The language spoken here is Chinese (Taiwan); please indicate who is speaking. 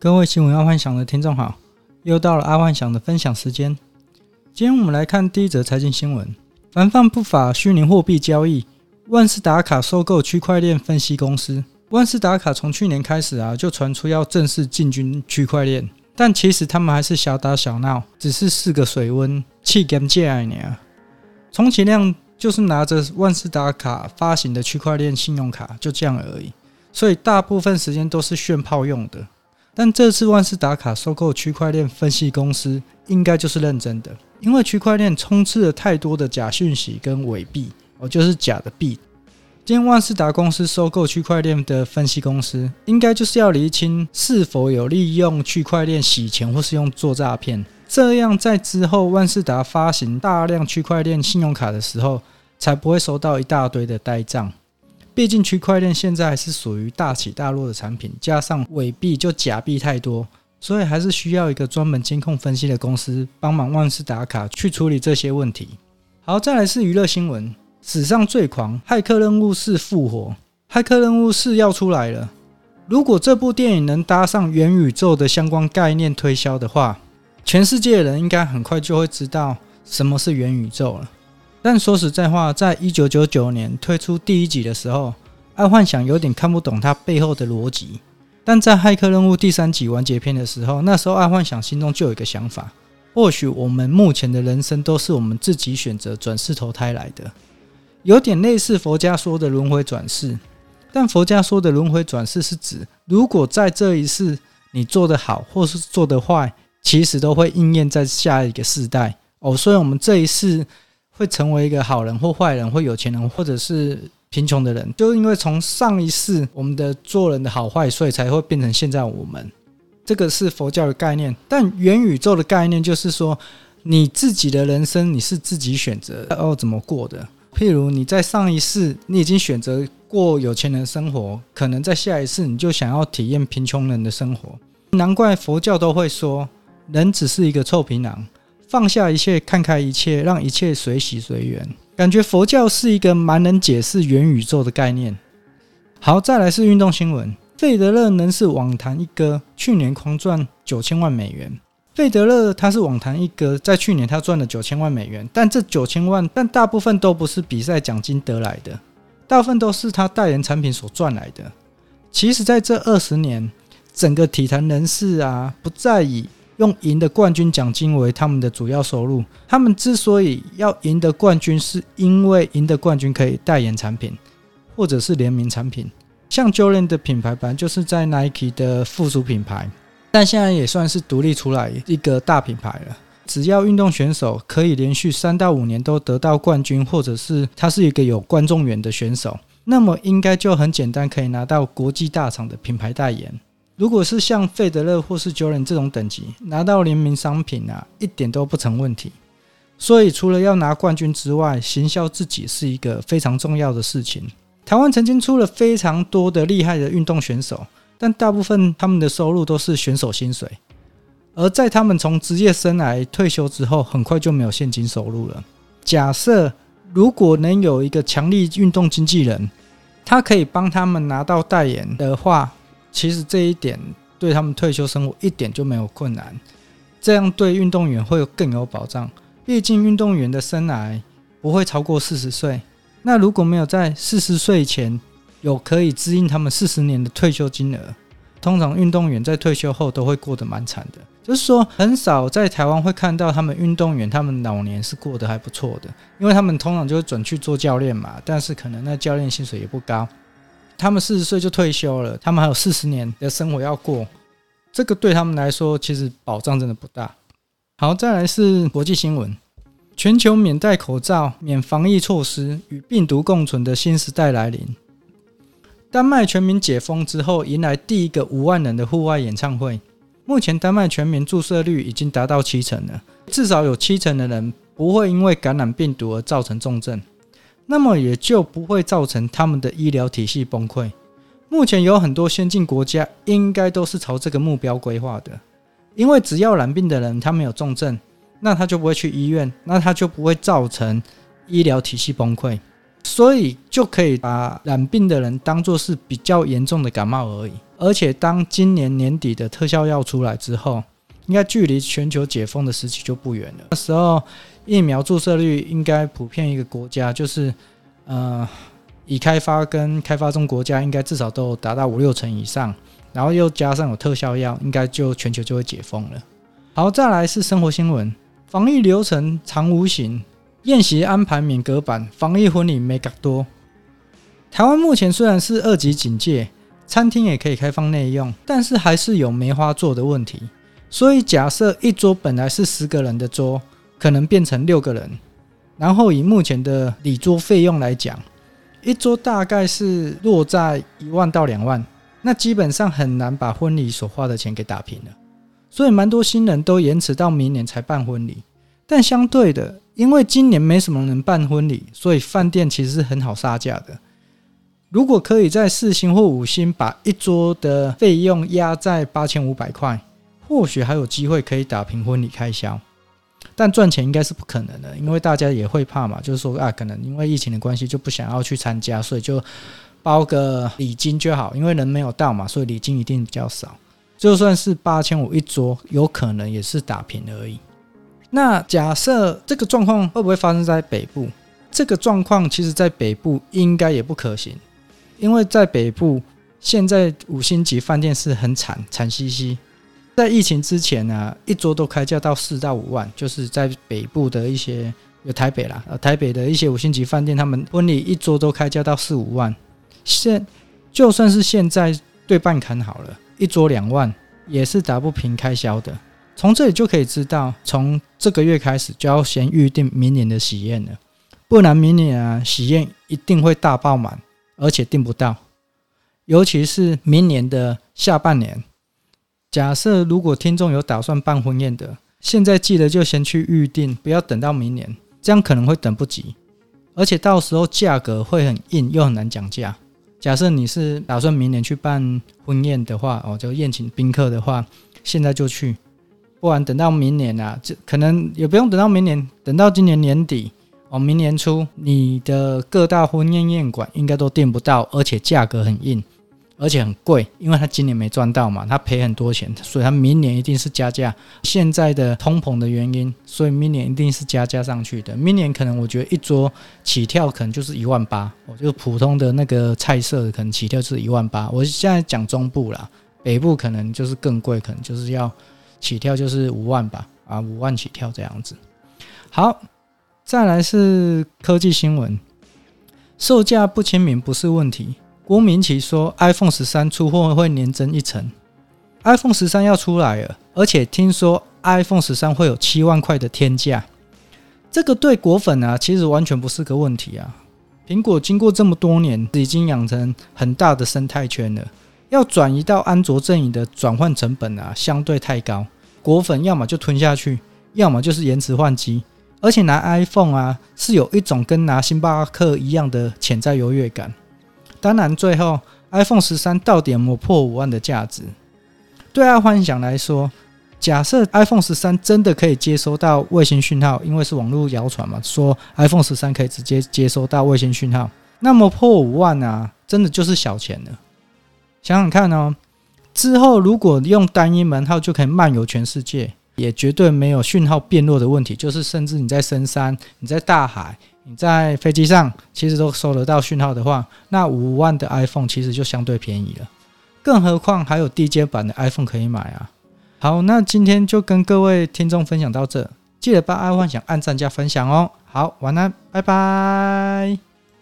Speaker 1: 各位新聞阿幻想的聽眾好，又到了阿幻想的分享時間。今天我們來看第一則財經新聞：防範不法虛擬貨幣交易。萬事達卡收購區塊鏈分析公司。萬事達卡從去年開始啊，就傳出要正式進軍區塊鏈，但其實他們還是小打小鬧，只是試個水溫，氣干借而已。充其量就是拿着萬事達卡發行的區塊鏈信用卡，就這樣而已。所以大部分時間都是炫炮用的。但這次萬事達卡收購區塊鏈分析公司，應該就是認真的，因為區塊鏈充斥了太多的假訊息跟偽幣，哦，就是假的幣。今天萬事達公司收購區塊鏈的分析公司，應該就是要釐清是否有利用區塊鏈洗錢或是用做詐騙，這樣在之後萬事達發行大量區塊鏈信用卡的時候，才不會收到一大堆的呆賬。畢竟區塊鏈現在還是屬於大起大落的產品，加上偽幣就假幣太多，所以還是需要一個專門監控分析的公司幫忙萬事達卡去處理這些問題。好，再來是娛樂新聞，史上最狂駭客任務四復活，駭客任務四要出來了。如果這部電影能搭上元宇宙的相關概念推銷的話，全世界的人應該很快就會知道什麼是元宇宙了。但說實在話，在一九九九年推出第一集的時候，愛幻想有點看不懂它背後的邏輯。但在《駭客任務》第三集完結篇的時候，那時候愛幻想心中就有一個想法：或許我們目前的人生都是我們自己選擇轉世投胎來的，有點類似佛家說的輪回轉世。但佛家說的輪回轉世是指，如果在這一世你做得好或是做得壞，其實都會應驗在下一個世代哦。所以，我們這一世。會成為一個好人或壞人，或有錢人或者是貧窮的人，就是因為從上一世我們的做人的好壞，所以才會變成現在我們。這個是佛教的概念，但元宇宙的概念就是說，你自己的人生你是自己選擇的要怎麼過的。譬如你在上一世你已經選擇過有錢人生活，可能在下一世你就想要體驗貧窮人的生活。難怪佛教都會說，人只是一個臭皮囊。放下一切，看開一切，讓一切隨喜隨，隨緣。感覺佛教是一個蠻能解釋元宇宙的概念。好，再來是運動新聞。費德勒仍是網壇一哥，去年狂賺九千萬美元。費德勒他是網壇一哥，在去年他賺了九千萬美元，但這九千萬，但大部分都不是比賽獎金得來的，大部分都是他代言產品所賺來的。其實，在這二十年，整個體壇人士啊，不在意。用贏得冠軍獎金為他們的主要收入。他們之所以要贏得冠軍，是因為贏得冠軍可以代言產品，或者是聯名產品。像 Jordan 的品牌，本來就是在 Nike 的附屬品牌，但現在也算是獨立出來一個大品牌了。只要運動選手可以連續三到五年都得到冠軍，或者是他是一個有觀眾緣的選手，那麼應該就很簡單可以拿到國際大廠的品牌代言。如果是像費德勒或是 Jordan 這種等級，拿到聯名商品啊，一點都不成問題。所以，除了要拿冠軍之外，行銷自己是一個非常重要的事情。台灣曾經出了非常多的厲害的運動選手，但大部分他們的收入都是選手薪水，而在他們從職業生涯退休之後，很快就沒有現金收入了。假設如果能有一個強力運動經紀人，他可以幫他們拿到代言的話。其實這一點，對他們退休生活一點就沒有困難，這樣對運動員會有更有保障。畢竟運動員的生涯不會超過四十歲，那如果沒有在四十歲前有可以支應他們四十年的退休金額，通常運動員在退休後都會過得蠻慘的。就是說，很少在台灣會看到他們運動員他們老年是過得還不錯的，因為他們通常就是轉去做教練嘛，但是可能那教練薪水也不高。他們四十歲就退休了，他們還有四十年的生活要過，這個對他們來說其實保障真的不大。好，再來是國際新聞：全球免戴口罩、免防疫措施與病毒共存的新時代來臨。丹麥全民解封之後，迎來第一個五萬人的戶外演唱會。目前丹麥全民注射率已經達到七成了，至少有七成的人不會因為感染病毒而造成重症。那麼也就不會造成他們的醫療體系崩潰。目前有很多先進國家應該都是朝這個目標規劃的，因為只要染病的人他沒有重症，那他就不會去醫院，那他就不會造成醫療體系崩潰，所以就可以把染病的人當作是比較嚴重的感冒而已。而且當今年年底的特效藥出來之後，應該距離全球解封的時期就不遠了。那時候，疫苗注射率應該普遍，一個國家就是，呃，已開發跟開發中國家應該至少都達到五六成以上，然後又加上有特效藥，應該就全球就會解封了。好，再來是生活新聞：防疫流程藏無形，宴席安排免隔板，防疫婚禮眉角多。台灣目前雖然是二級警戒，餐廳也可以開放內用，但是還是有梅花座的問題。所以假設一桌本來是十個人的桌，可能變成六個人，然後以目前的禮桌費用來講，一桌大概是落在一萬到兩萬，那基本上很難把婚禮所花的錢給打平了。所以蠻多新人都延遲到明年才辦婚禮。但相對的，因為今年沒什麼人辦婚禮，所以飯店其實是很好殺價的。如果可以在四星或五星把一桌的費用壓在八千五百塊，或許還有機會可以打平婚禮開銷。但賺錢應該是不可能的，因為大家也會怕嘛，就是說啊，可能因為疫情的關係就不想要去參加，所以就包個禮金就好，因為人沒有到嘛，所以禮金一定比較少。就算是八千五一桌，有可能也是打平而已。那假設這個狀況會不會發生在北部？這個狀況其實，在北部應該也不可行，因為在北部現在五星級飯店是很慘，慘兮兮。在疫情之前呢、啊，一桌都開價到四到五萬，就是在北部的一些有台北啦、呃，台北的一些五星級飯店，他們婚禮一桌都開價到四五萬。現就算是現在對半砍好了，一桌兩萬也是打不平開銷的。從這裡就可以知道，從這個月開始就要先預定明年的喜宴了，不然明年啊喜宴一定會大爆滿，而且訂不到。尤其是明年的下半年。假設如果聽眾有打算辦婚宴的，現在記得就先去預定，不要等到明年，這樣可能會等不及，而且到時候價格會很硬，又很難講價。假設你是打算明年去辦婚宴的話，哦，就宴請賓客的話，現在就去，不然等到明年啊，這可能也不用等到明年，等到今年年底，哦，明年初，你的各大婚宴宴館應該都訂不到，而且價格很硬。而且很貴，因為他今年沒賺到嘛，他賠很多錢，所以他明年一定是加價。現在的通膨的原因，所以明年一定是加價上去的。明年可能我覺得一桌起跳可能就是一萬八，我就普通的那個菜色可能起跳就是一萬八。我現在講中部啦，北部可能就是更貴，可能就是要起跳就是五萬吧，啊，五萬起跳這樣子。好，再來是科技新聞，售價不親民不是問題。郭明錤說：“iPhone 十三出貨會年增一成，iPhone 十三要出來了，而且聽說 iPhone 十三會有七萬塊的天價。這個對果粉啊，其實完全不是個問題啊。蘋果經過這麼多年，已經養成很大的生態圈了，要轉移到安卓陣營的轉換成本啊，相對太高。果粉要麼就吞下去，要麼就是延遲換機，而且拿 iPhone 啊，是有一種跟拿星巴克一樣的潛在優越感。”當然，最後 iPhone 十三到底有沒有破五萬的價值？對愛、啊、幻想來說，假設 iPhone 十三真的可以接收到衛星訊號，因為是網絡謠傳嘛，說 iPhone 十三可以直接接收到衛星訊號，那麼破五萬啊，真的就是小錢了。想想看哦，之後如果用單一門號就可以漫遊全世界，也絕對沒有訊號變弱的問題，就是甚至你在深山，你在大海。你在飛機上其實都收得到訊號的話，那五萬的 iPhone 其實就相對便宜了，更何況還有低階版的 iPhone 可以買啊！好，那今天就跟各位聽眾分享到這，記得幫愛幻想按讚加分享哦！好，晚安，拜拜。